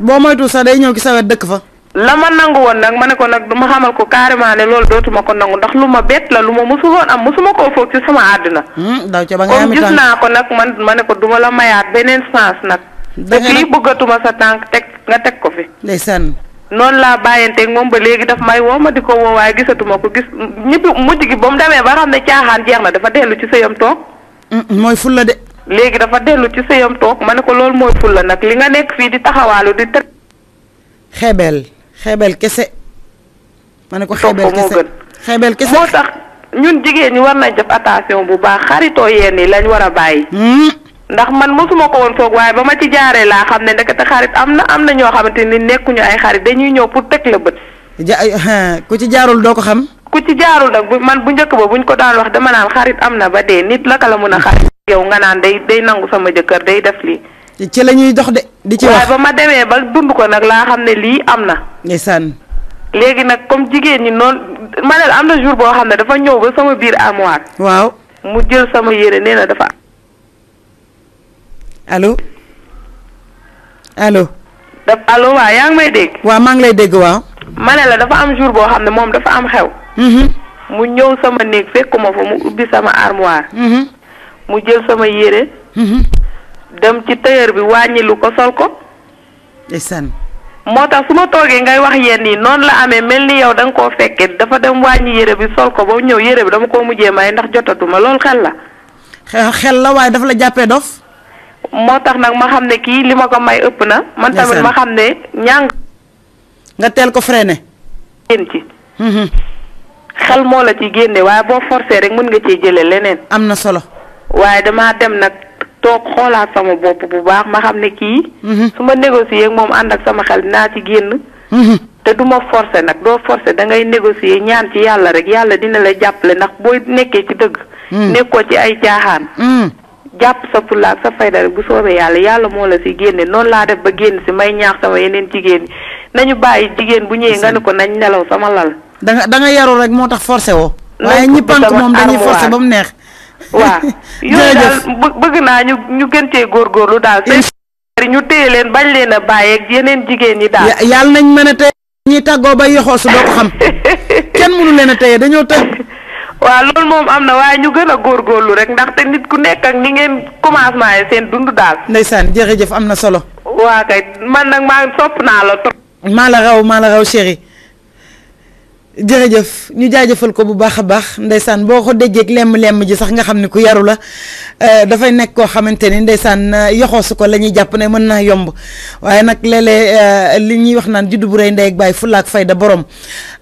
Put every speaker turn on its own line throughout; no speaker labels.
boo moytuwul sax day ñëw ki sa dëkk fa. la ma nangu woon nag ma ne ko nag ma xamal ko carrément ne loolu dootuma ko nangu ndax lu ma bett la lu ma musu woon am musuma koo foog ci sama àddina. Hmm, daw ca ba naa ko nag man ma ne ko duma la mayaat beneen chance nag. da fii bëggatuma sa tànk teg nga teg ko fi. ndeysaan. noonu laa bàyyanteek moom ba léegi daf may woo ma di ko woon waaye gisatuma ko gis ñëpp mujj gi ba mu demee ba xam ne caaxaan jeex na dafa dellu ci sëyam toog. Hmm, mooy ful de. léegi dafa dellu ci sëyam toog ma ne ko loolu mooy fulla nag li nga nekk fii di taxawaalu
di tër. xebel xeebel kese. ma ne ko xeebel kese
xeebel kese moo tax ñun jigéen ñi war nañ def attention bu baax xaritoo yenn yi lañ war a bàyyi. Hmm? ndax man mosuma ko woon foog waaye ba ma ci jaaree laa xam ne ndekete xarit am na am na ñoo xamante ni nekkuñu ay xarit dañuy ñëw pour teg la bët. ja ku ci jaarul doo ko xam. ku ci jaarul nag man bu njëkk ba buñ ko daan wax dama naan am na ba dee nit la la mën a yow nga naan day day nangu sama jëkkër day def lii. ci la ñuy dox de. di ci wax waaye ba ma demee ba dund ko nag laa xam ne lii am na. ndeysaan. léegi nag comme jigéen ñi noonu ma am na jour boo xam ne dafa ñëw ba sama biir armoire. waaw mu jël sama yére nee na dafa.
allo alo
daf allo waaw yaa ngi may dégg. waa maa ngi lay dégg waaw. ma la dafa am jour boo xam ne moom dafa am xew. Mm-hmm. mu ñëw sama néeg fekkuma fa mu ubbi sama armoire. Mm-hmm. mu jël sama yére mhm. dem ci tailleur bi wàññilu ko sol ko ndeysaan moo tax su ma toogee ngay wax yenn yi noonu la amee mel ni yow danga nga koo fekkee dafa dem wàññi yére bi sol ko ba mu ñëw yére bi dama koo mujjee may ndax jotatuma loolu xel la xel la waaye dafa la jàppee dof moo tax nag ma xam ne kii li ma ko may ëpp na man tamit ma xam ne ñàng nga teel ko freiné génn ci mhm. xel moo la ci génne waaye boo forcé rek mën nga cee jële leneen am na solo waaye damaa dem nag toog xoolaat sama bopp bu baax ma xam ne kii. Mhm. su ma négocier ak moom ànd ak sama xel naa ci génn. Mhm. te du ma forcer nag doo forcer da ngay négocier ñaan ci yàlla rek yàlla dina la jàppale ndax booy nekkee ci dëgg. Mhm. nekkoo ci ay caaxaan. jàpp sa fulla ak sa fayda rek bu soobee yàlla yàlla moo la si génne noonu laa def ba génn si may ñaax sama yeneen jigéen ñi nañu bàyyi jigéen bu ñëwee nga ne ko nañ nelaw sama lal.
da nga da yaru rek moo tax forcer waaw yooyu daal
bëgg naa ñu ñu gën cee góorgóorlu daal sëy ñu téye leen bañ leen a bàyyi ak yeneen jigéen ñi daal yàlla nañ mën a tey ñuy tàggoo ba yoxoo su doo ko xam kenn mënu leen a teye dañoo tëj waaw loolu moom am na waaye ñu gën a góor góorgóorlu rek ndaxte nit ku nekk ak ni ngeen commencement yi seen dund daal ndeysaan jëf am na solo waa kay man nag
maa sopp naa la to maa la raw maa la raw chéri jërëjëf ñu jaajëfal ko bu baax a baax ndeysaan boo ko déjjeeg lemm-lemm ji sax nga xam ne ku yaru la euh, dafay nekk koo xamante ni ndeysaan euh, yoxoosu ko la ñuy jàpp ne mën naa yomb waaye nag léeg-léeg euh, li ñuy wax naan juddu bu rëy ndey ak baay fulla ak fayda borom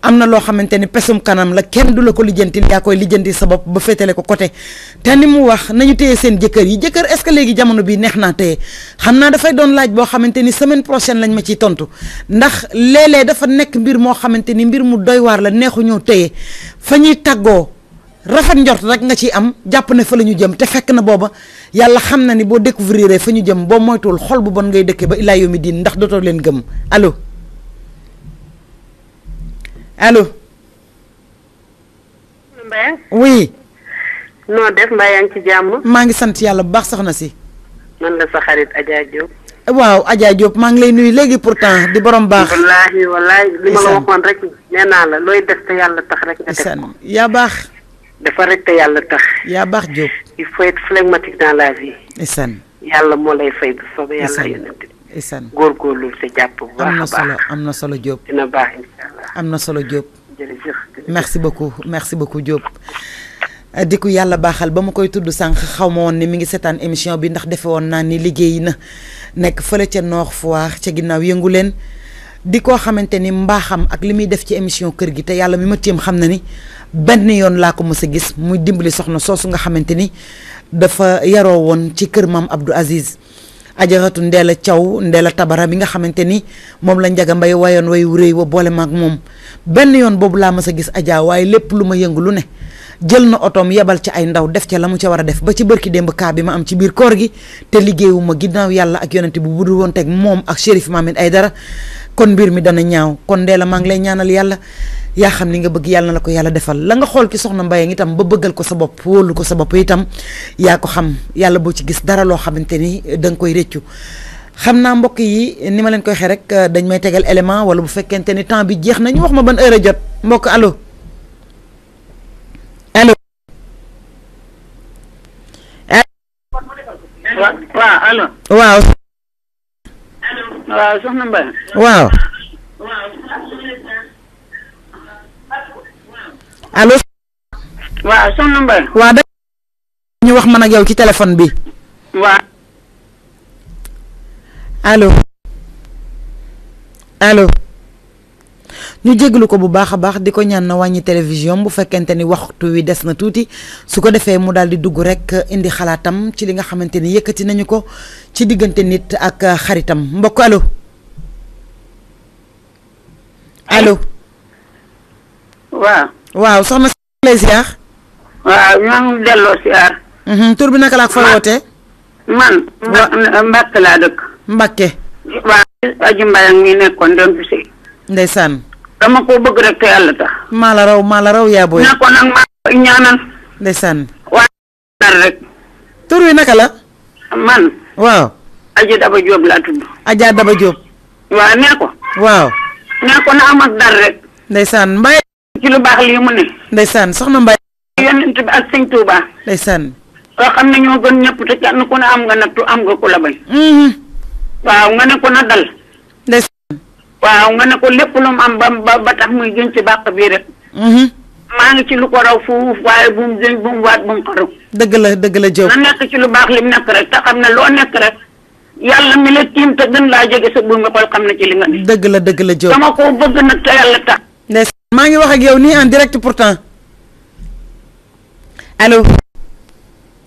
am na loo xamante ni pesum kanam la kenn du la ko lijjantil yaa koy lijjanti sa bopp ba féetale ko côté te ni mu wax nañu téye seen jëkkër yi jëkkër est-ce que léegi jamono bi neex naa téye xam naa dafay doon laaj boo xamante ni semaine prochaine lañ ma ciy tontu ndax léeg-léeg dafa nekk mbir moo xamante ni mbir mu doy waar la neexu ñoo téye fa ñuy tàggoo rafet njort rek nga ciy am jàpp ne fa la ñu jëm te fekk na booba yàlla xam na ni boo découvrir fa ñu jëm boo moytuwul xol bu bon ngay dëkkee ba ilaa yomi diin ndax dootoo leen gëm allo alo Mbaye. oui. noo def mbaa yaa ngi ci jàmm. maa ngi sant yàlla bu baax soxna si.
man la sa xarit Adja Diop.
waaw Adja Diop maa ngi lay nuyu léegi pourtant di borom baax. wallaahi
wallaahi li ma la waxoon rek nee naa la looy def te yàlla tax rek. nga def yaa baax. dafa rek te yàlla tax. yaa baax Diop. il faut être flegmatique la vie. isan yàlla moo lay fay bu soobee yàlla yonent bi isan góorgóorlu
sa am na solo am na solo Diop na solo Diop merci beaucoup merci beaucoup Diop di ku yàlla baaxal ba ma koy tudd sànq xaw ma woon ni mi ngi seetaan émission bi ndax defe woon naa ni liggéey na nekk fële ca Nord Foire ca ginnaaw yëngu leen di koo xamante ni mbaaxam ak li muy def ci émission kër gi te yàlla mi ma tiim xam na ni benn yoon laa ko mës a gis muy dimbali soxna soosu nga xamante ni dafa yaroo woon ci kër maam Abdou Aziz ajaratu Ndella Thiaw Ndella Tabara bi nga xamante ni moom la Njaga Mbay wayoon way rëy wa boole maag moom benn yoon boobu laa mas a gis Adja waaye lépp lu ma yëngu lu ne jël na otoom yebal ci ay ndaw def ca la mu ca war a def ba ci bërki démb kaa bi ma am ci biir koor gi te liggéeyuma ginnaaw yàlla ak yonente bu budul woon teg moom ak Chérif ay dara kon mbir mi dana ñaaw kon Ndella maa ngi lay ñaanal yàlla yaa xam ni nga bëgg yàlla na la ko yàlla defal la nga xool ci soxna Mbaye itam ba bëggal ko sa bopp wóolu ko sa bopp itam yaa ko xam yàlla boo ci gis dara loo xamante ni danga koy réccu xam naa mbokk yi ni ma leen koy waxee rek dañ may tegal élément wala bu fekkente ni temps bi jeex na wax ma ban heure a jot mbokk allo
allo. waaw. waaw soxna Mbaye. waaw.
allo. waaw soxna Mbaye. waaw da ñu wax man ak yow ci téléphone bi. waaw. allo. allo. ñu jéglu ko bu baax a baax di ko ñaan na wàññi télévision bu fekkente ni waxtu wi des na tuuti su ko defee mu daal di dugg rek indi xalaatam ci li nga xamante ni yëkkati nañu ko ci diggante nit ak xaritam mbokk alo allo. waaw. soxna si waaw ñoo ngi delloo ziar. Mhm, tur bi naka laa ko fa wootee. man Mbacke laa dëkk. Mbacke. waaw aji
Mbayang mi nekkoon dem si. ndeysaan. dama ko bëgg rek te yàlla tax.
maa la raw maa raw yaa booy. naa ko nag maa ñaanal. ndeysaan. waaye dara rek. tur wi naka la. man. waaw. Adja Daba Diop laa tudd. Adja Daba Diop.
waaw nee ko. na am ak dara rek. ndeysaan Mbaye. ci ne. am nga nattu am nga ku la mm-hmm. waaw nga ne ko na dal. waaw nga ne ko lépp lu am ba ba tax muy gën ci bàq bii rek. Mm-hmm. maa ngi ci lu ko fuuf waaye bu mu jëñ waat bu mu xaru. dëgg la dëgg la Diop. na nekk ci lu baax li nekk rek ta xam ne loo nekk rek yàlla mi la tiim te gën laa jege sa buur nga xool xam na
ci li nga ne. dëgg la dëgg la Diop dama ko bëgg nag te yàlla tax. ndeysaan maa ngi wax ak yow nii en direct pourtant allo.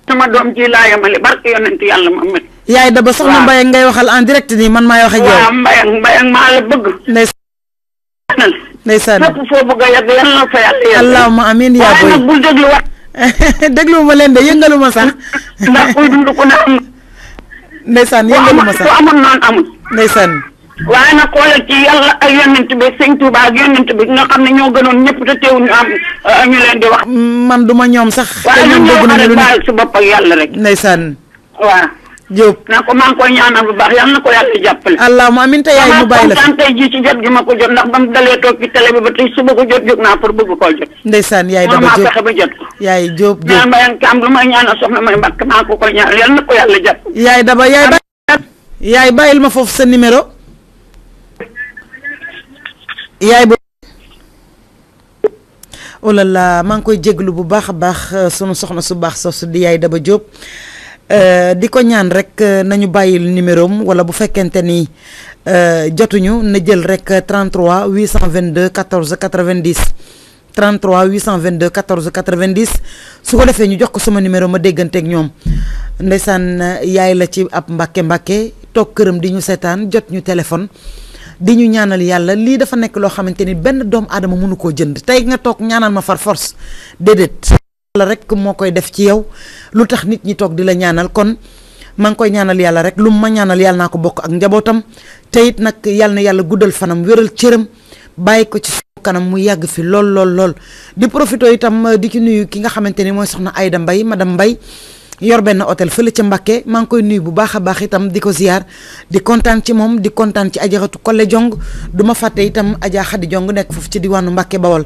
sama doom ji laa
yamale barke yonent yàlla
Muhammad yaay da ba soxna Mbayang ngay waxal en direct nii man maay wax ak yow. waaw Mbayang Mbayang maa la bëgg. ndeysaan ndeysaan fépp foo bëgg a yegg yal na fa yàlla yegg. allahumma amiin yaa booy waaye nag yëngaluma sax. ndax kuy am. ndeysaan yëngaluma sax ku amoon noonu amul. ndeysaan. waaye nag xoolal ci yàlla ak yonent bi sëñ Touba ak bi nga xam ne ñoo gënoon ñëpp te teewuñu am euh, ñu leen di wax. Mm, man duma ñoom sax. te ñoom dégg waaye ñun ñoo si bopp yàlla rek. ndeysaan. waaw. Diop naa ko maa ngi koy ñaanal bu baax yal na ko yàlla jàppale. allahumma yaay
mu bàyyi gi ma jot ndax ba mu dalee toog ci télé bi ba tey suba ko jot jóg naa pour bëgg koo jot.
ndeysaan yaay dama Diop fexe ba yaay Diop Diop ñaan lu may ñaanal soxna may mbàkk maa ko koy ñaanal yal na ko yàlla jàpp. yaay daba yaay yaay bàyyil ma foofu sa numéro. yaay bo. oh là maa ngi koy jéglu bu baax a baax euh, sunu soxna su baax soosu di yaay daba Diop Euh, di ko ñaan rek euh, nañu bàyyi numéro am wala bu fekkente ni euh, jotuñu na jël rek vingt 33 822 14 90 33 822 14 90 su ko defee ñu jox ko sama numéro ma dégganteeg ñoom ndeysaan yaay la ci ab mbàkke mbàkke toog këram di ñu seetaan jot ñu téléphone di ñu ñaanal yàlla lii dafa nekk loo xamante ni benn doom aadama mënu koo jënd tey nga toog ñaanal ma far force déedéet yàlla rek moo koy def ci yow lu tax nit ñi toog di la ñaanal kon maa ngi koy ñaanal yàlla rek lu ma ñaanal yàlla naa ko bokk ak njabootam te it nag yàlla na yàlla guddal fanam wéral cëram bàyyi ko ci kanam mu yàgg fi lool lool lool di profito itam euh, di ci nuyu ki nga xamante ni mooy soxna Aïda ma madame mbay yor benn hôtel fële ca Mbacké maa ngi koy nuyu bu baax a baax itam di ko ziar di kontaan ci moom di kontaan ci ajaratu Kolle Jong du ma fàtte itam Adja Jong nekk foofu ci diwaanu Mbacké Bawol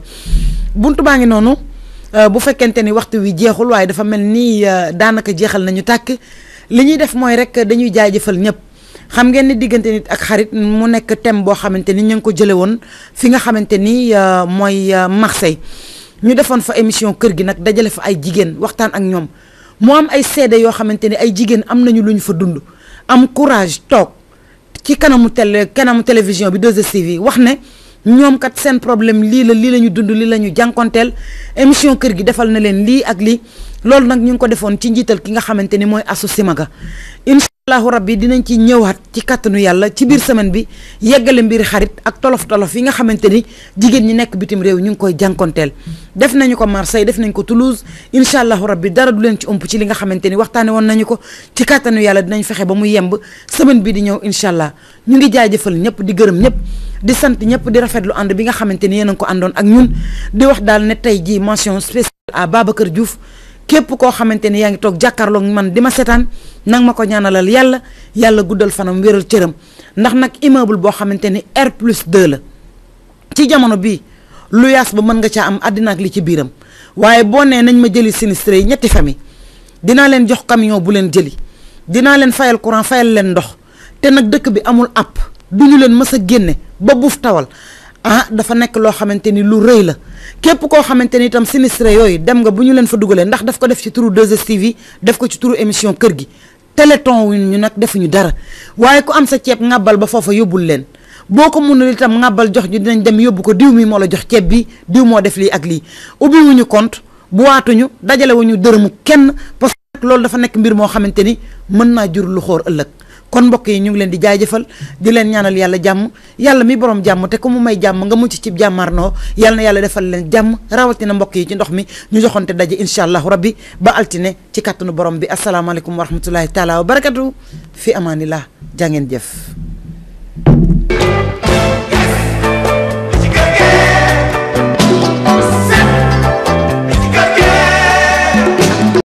Euh, bu fekkente ni waxtu wi jeexul waaye dafa mel ni euh, daanaka jeexal nañu tàkk li ñuy def mooy rek dañuy jaajëfal ñëpp xam ngeen ni diggante nit ak xarit mu nekk thème boo xamante ni ñu ngi ko jële woon fi nga xamante ni euh, mooy Marseille ñu defoon fa émission kër gi nag dajale fa ay jigéen waxtaan ak ñoom mu am ay seede yoo xamante ni ay jigéen am nañu lu ñu fa dund am courage toog ci kanamu télé kanamu télévision bi 2STV wax ne ñoom kat seen problème lii la lii la ñu dund lii la ñu jànkonteel émission kër gi defal na leen lii ak lii lool nag ñu ngi ko defoon ci njiital ki nga xamante ni mooy asu simaga allahu rabbi dinañ ci ñëwaat ci kàttanu yàlla ci biir semaine bi yeggale mbir xarit ak tolof-tolof yi nga xamante ni jigéen ñi nekk bitim réew ñu ngi koy jànkonteel def nañu ko Marseille def nañ ko Toulouse incha allahu rabbi dara du leen ci ëmp ci li nga xamante ni waxtaane woon nañu ko ci kàttanu yàlla dinañ fexe ba mu yemb semaine bi di ñëw incha allah ñu ngi jaajëfal ñëpp di gërëm ñëpp di sant ñëpp di rafetlu ànd bi nga xamante ni yéen a ko àndoon ak ñun di wax daal ne tey ji mention spéciale à Babacar Diouf képp koo xamante ne yaa ngi toog jàkkaarloog man di ma setaan nag ma ko ñaanalal yàlla yàlla guddal fanam wéral cëram ndax nag immeuble boo xamante ni R plus 2 la ci jamono bii lu yaas ba mën nga caa am àddina ak li ci biiram waaye boo nee nañ ma jëli sinistré yi ñetti famille dinaa leen jox camion bu leen jëli dinaa leen fayal courant fayal leen ndox te nag dëkk bi amul app du ñu leen mës a génne ba buuf tawal ah dafa nekk loo xamante ni lu rëy la képp koo xamante ni itam sinistré yooyu dem nga bu ñu leen fa dugalee ndax daf ko def ci turu 2STV yi ko ci turu émission kër gi téléthon wu ñu nag defuñu dara waaye ku am sa ceeb ngàbbal ba foofa yóbbul leen boo ko mënul itam ngàbbal jox ñu dinañ dem yóbbu ko diw mi moo la jox ceeb bi diw moo def lii ak lii ubbi wuñu compte bu waatuñu dajale wuñu dërëmu kenn parce que loolu dafa nekk mbir moo xamante ni mën naa jur lu xóor ëllëg kon mbokk yi ñu ngi leen di jëfal di leen ñaanal yàlla jàmm yàlla mi borom jàmm te ku mu may jàmm nga mucc ci jàmmarnoo yàlla na yàlla defal leen jàmm rawatina mbokk yi ci ndox mi ñu joxonte daje incha allahu rabbi ba altine ci kàttanu borom bi asalaamaaleykum wa rahmatullahi taala wa barakatu fi amaanillah jaa ngeen jëf